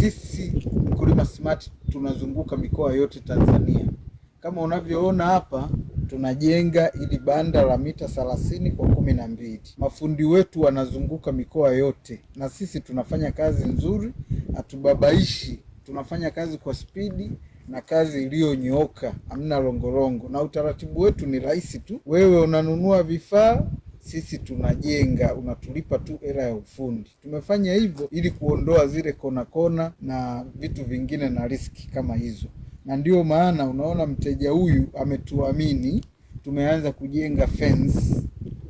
Sisi Mkulima Smart tunazunguka mikoa yote Tanzania. Kama unavyoona hapa, tunajenga ili banda la mita thelathini kwa kumi na mbili. Mafundi wetu wanazunguka mikoa yote, na sisi tunafanya kazi nzuri, hatubabaishi, tunafanya kazi kwa spidi na kazi iliyonyooka, hamna longorongo, na utaratibu wetu ni rahisi tu. Wewe unanunua vifaa sisi tunajenga, unatulipa tu hela ya ufundi. Tumefanya hivyo ili kuondoa zile kona kona na vitu vingine na riski kama hizo, na ndio maana unaona mteja huyu ametuamini. Tumeanza kujenga fence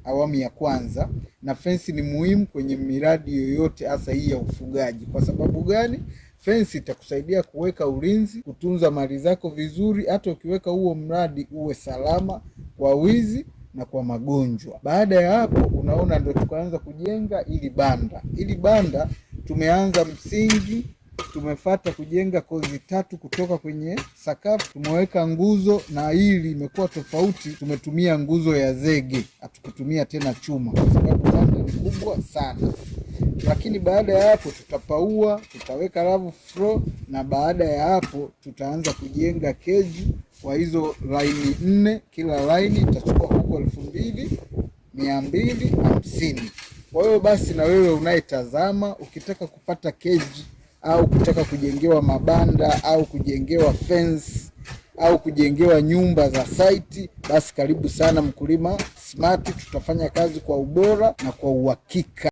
awamu ya kwanza, na fence ni muhimu kwenye miradi yoyote, hasa hii ya ufugaji. Kwa sababu gani? Fence itakusaidia kuweka ulinzi, kutunza mali zako vizuri, hata ukiweka huo mradi uwe salama kwa wizi na kwa magonjwa. Baada ya hapo, unaona ndo tukaanza kujenga ili banda. Ili banda tumeanza msingi, tumefata kujenga kozi tatu kutoka kwenye sakafu, tumeweka nguzo na ili imekuwa tofauti, tumetumia nguzo ya zege, hatukutumia tena chuma kwa sababu banda ni kubwa sana lakini baada ya hapo tutapaua, tutaweka lava floor, na baada ya hapo tutaanza kujenga keji kwa hizo laini nne, kila laini itachukua elfu mbili mia mbili hamsini. Kwa hiyo basi, na wewe unayetazama, ukitaka kupata keji au kutaka kujengewa mabanda au kujengewa fence au kujengewa nyumba za saiti, basi karibu sana Mkulima Smart, tutafanya kazi kwa ubora na kwa uhakika.